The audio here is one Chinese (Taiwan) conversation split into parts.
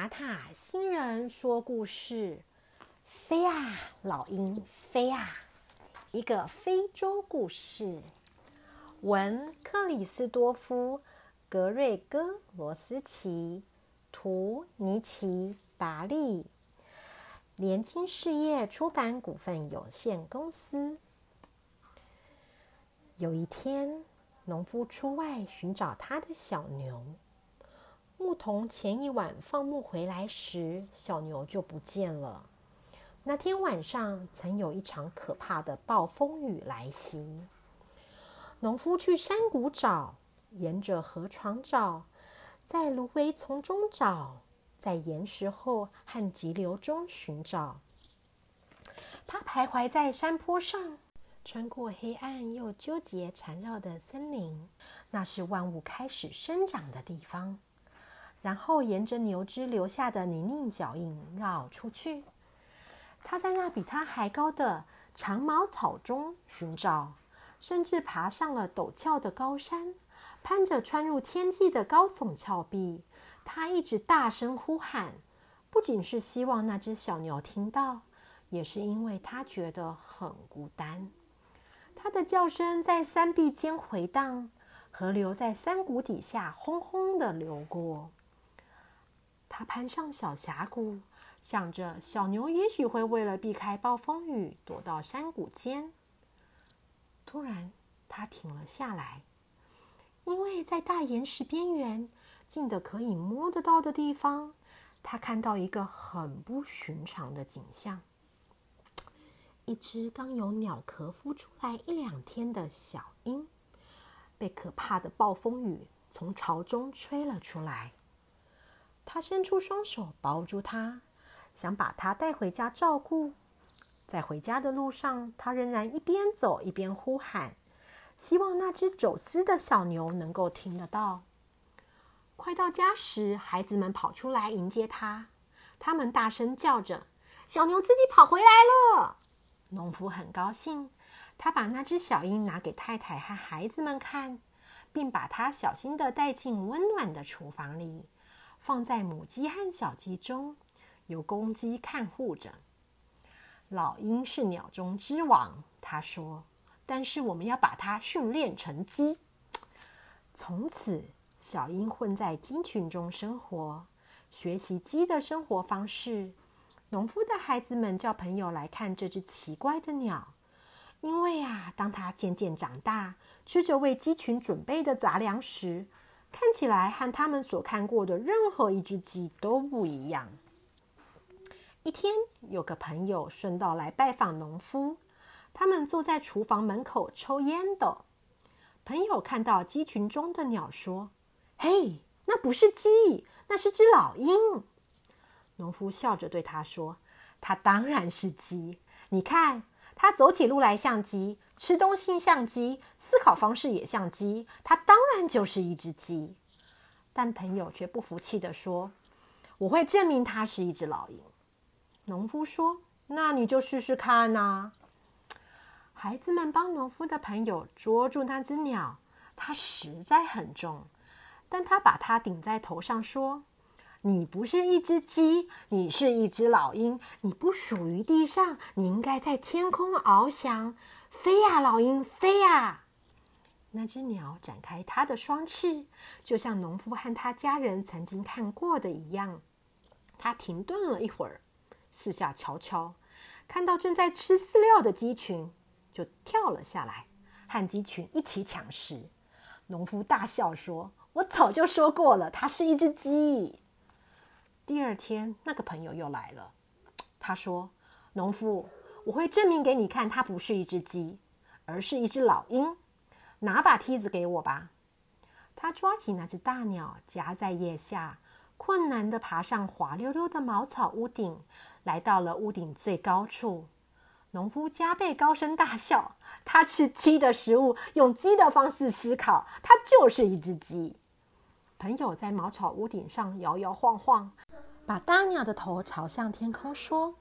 塔塔新人說故事：飛呀，老鷹，飛呀！一個非洲故事。文：克里斯多夫·格瑞哥羅斯奇，圖：尼奇·達利。聯經事業出版股份有限公司。有一天，農夫出外尋找他的小牛。牧童前一晚放牧回來時，小牛就不見了。那天晚上曾有一場可怕的暴風雨來襲。農夫去山谷找，沿着河床找，在蘆葦叢中找，在岩石後和急流中尋找。他徘徊在山坡上，穿過黑暗又糾結纏繞的森林，那是萬物開始生長的地方。然後沿着牛只留下的泥濘腳印繞出去。他在那比他還高的長茅草中尋找，甚至爬上了陡峭的高山，攀着穿入天際的高聳峭壁。他一直大聲呼喊，不僅是希望那只小牛聽到，也是因為他覺得很孤單。他的叫聲在山壁間回盪，河流在山谷底下轟轟地流過。他攀上小峽谷，想着小牛也許會為了避開暴風雨躲到山谷間。突然，他停了下來，因為在大岩石邊緣近得可以摸得到的地方，他看到一個很不尋常的景象：一隻剛由鳥殼孵出來一兩天的小鷹，被可怕的暴風雨從巢中吹了出來。他伸出雙手抱住她，想把她帶回家照顧。在回家的路上，他仍然一邊走一邊呼喊，希望那只走失的小牛能夠聽得到。快到家時，孩子們跑出來迎接他，他們大聲叫着：“小牛自己跑回來了！”農夫很高興，他把那只小鷹拿給太太和孩子們看，並把它小心地帶進溫暖的廚房裡。放在母雞和小雞中，有公雞看護着。老鷹是鳥中之王，他說，但是我們要把它訓練成雞。從此，小鷹混在雞群中生活，學習雞的生活方式。農夫的孩子們叫朋友來看這隻奇怪的鳥，因為啊，當它漸漸長大，吃着為雞群準備的雜糧時，看起來和他們所看過的任何一隻雞都不一樣。一天，有個朋友順道來拜訪農夫，他們坐在廚房門口抽煙斗。朋友看到雞群中的鳥，說：“嘿，那不是雞，那是只老鷹。”農夫笑着對他說：“它當然是雞，你看，它走起路來像雞。”吃東西像雞，思考方式也像雞，它當然就是一隻雞。但朋友卻不服氣地說：“我會證明它是一隻老鷹。”農夫說：“那你就試試看啊。”孩子們幫農夫的朋友捉住那隻鳥，它實在很重，但它把它頂在頭上說：“你不是一隻雞，你是一隻老鷹，你不屬於地上，你應該在天空翱翔。”飛呀，老鷹飛呀！那只鳥展開它的雙翅，就像農夫和他家人曾經看過的一樣。它停頓了一會兒，四下瞧瞧，看到正在吃飼料的雞群，就跳了下來，和雞群一起搶食。農夫大笑說：“我早就說過了，它是一只雞。”第二天，那個朋友又來了，他說：“農夫。”我會證明給你看，它不是一隻雞，而是一隻老鷹。拿把梯子給我吧。他抓起那隻大鳥，夾在腋下，困難地爬上滑溜溜的茅草屋頂，來到了屋頂最高處。農夫加倍高聲大笑，他吃雞的食物，用雞的方式思考，他就是一隻雞。朋友在茅草屋頂上搖搖晃晃，把大鳥的頭朝向天空，說。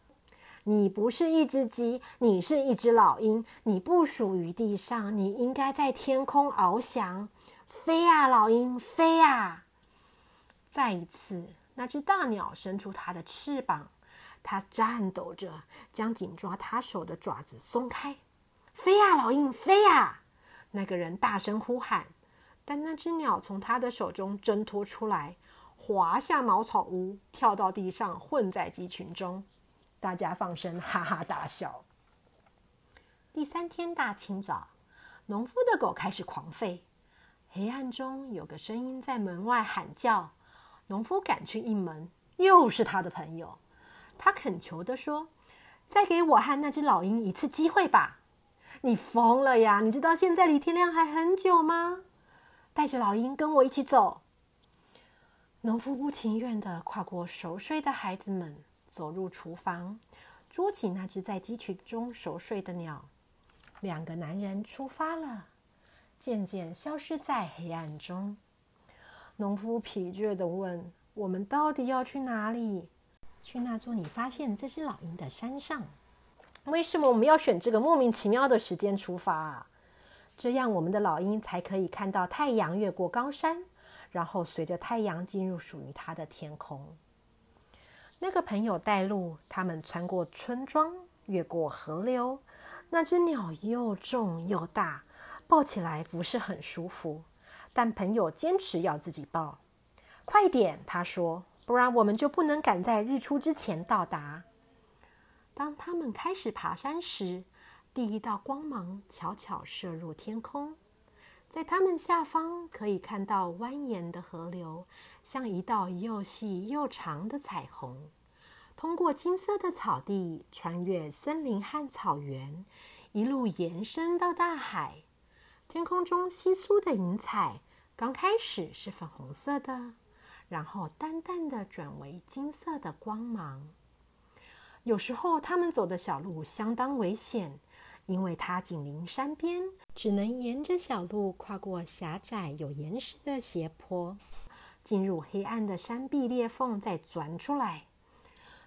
你不是一隻雞，你是一隻老鷹。你不屬於地上，你應該在天空翱翔，飛呀，老鷹，飛呀！再一次，那隻大鳥伸出它的翅膀，它顫抖着將緊抓它手的爪子鬆開。飛呀，老鷹，飛呀！那個人大聲呼喊，但那隻鳥從他的手中掙脫出來，滑下茅草屋，跳到地上，混在雞群中。大家放聲哈哈大笑。第三天大清早，農夫的狗開始狂吠，黑暗中有個聲音在門外喊叫。農夫趕去應門，又是他的朋友。他懇求的說：“再給我和那只老鷹一次機會吧！”“你瘋了呀！你知道現在離天亮還很久嗎？”“帶着老鷹跟我一起走。”農夫不情願的跨過熟睡的孩子們。走入廚房，捉起那隻在雞群中熟睡的鳥。兩個男人出發了，漸漸消失在黑暗中。農夫疲倦地問：“我們到底要去哪裡？去那座你發現這隻老鷹的山上？為什麼我們要選這個莫名其妙的時間出發啊？這樣我們的老鷹才可以看到太陽越過高山，然後隨着太陽進入屬於它的天空。”那個朋友帶路，他們穿過村莊，越過河流。那隻鳥又重又大，抱起來不是很舒服，但朋友堅持要自己抱。快點，他說，不然我們就不能趕在日出之前到達。當他們開始爬山時，第一道光芒悄悄射入天空。在它們下方，可以看到蜿蜒的河流，像一道又細又長的彩虹，通過金色的草地，穿越森林和草原，一路延伸到大海。天空中稀疏的雲彩，剛開始是粉紅色的，然後淡淡的轉為金色的光芒。有時候，他們走的小路相當危險。因為它緊鄰山邊，只能沿着小路跨過狹窄有岩石的斜坡，進入黑暗的山壁裂縫，再鑽出來。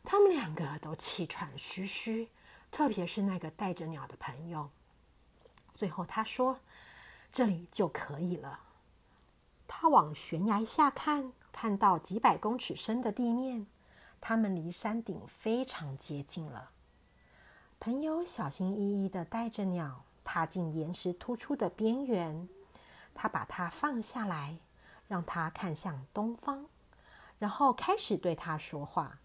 他們兩個都氣喘吁吁，特別是那個帶着鳥的朋友。最後他說：“這裡就可以了。”他往懸崖下看，看到幾百公尺深的地面，他們離山頂非常接近了。朋友小心翼翼的帶着鳥踏進岩石突出的邊緣，他把它放下來，讓它看向東方，然後開始對它說話。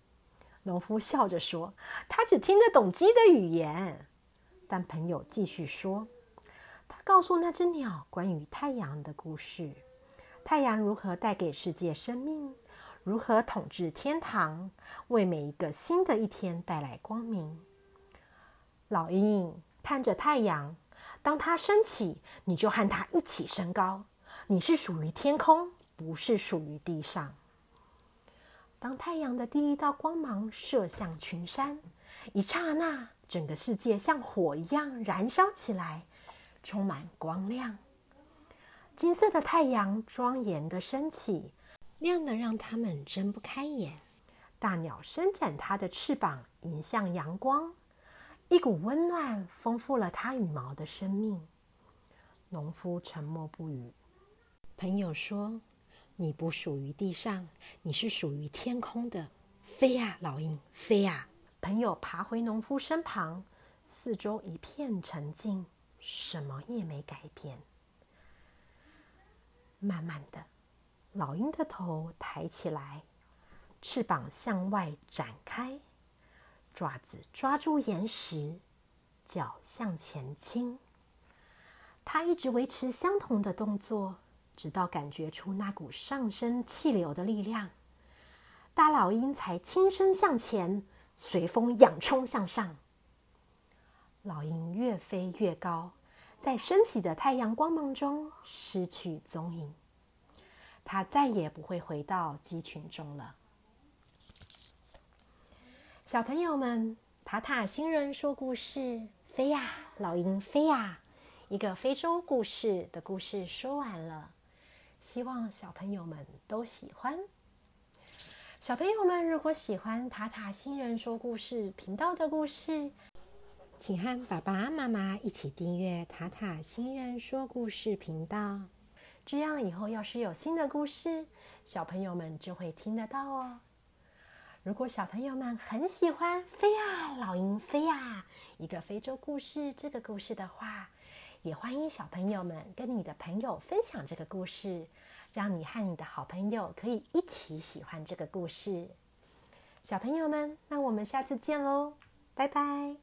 農夫笑着說：“他只聽得懂雞的語言。”但朋友繼續說：“他告訴那只鳥關於太陽的故事，太陽如何帶給世界生命，如何統治天堂，為每一個新的一天帶來光明。”老鷹看着太陽，當它升起，你就和它一起升高。你是屬於天空，不是屬於地上。當太陽的第一道光芒射向群山，一剎那，整個世界像火一樣燃燒起來，充滿光亮。金色的太陽莊嚴地升起，亮得讓它們睜不開眼。大鳥伸展它的翅膀，迎向陽光。一股溫暖，豐富了它羽毛的生命。農夫沉默不語。朋友說：“你不屬於地上，你是屬於天空的。飛呀，老鷹，飛呀！”朋友爬回農夫身旁，四周一片沉靜，什麼也沒改變。慢慢的，老鷹的頭抬起來，翅膀向外展開。爪子抓住岩石，腳向前傾。它一直維持相同的動作，直到感覺出那股上升氣流的力量。大老鷹才輕聲向前，隨風仰沖向上。老鷹越飛越高，在升起的太陽光芒中失去蹤影。它再也不會回到雞群中了。小朋友們，塔塔星人說故事，飛呀，老鷹，飛呀！一個非洲故事的故事說完了，希望小朋友們都喜歡。小朋友們，如果喜歡塔塔星人說故事頻道的故事，請和爸爸媽媽一起訂閱塔塔星人說故事頻道，這樣以後要是有新的故事，小朋友們就會聽得到哦。如果小朋友們很喜歡飛呀，老鷹飛呀，一個非洲故事，這個故事的話，也歡迎小朋友們跟你的朋友分享這個故事，讓你和你的好朋友可以一起喜歡這個故事。小朋友們，那我們下次見嘍，拜拜。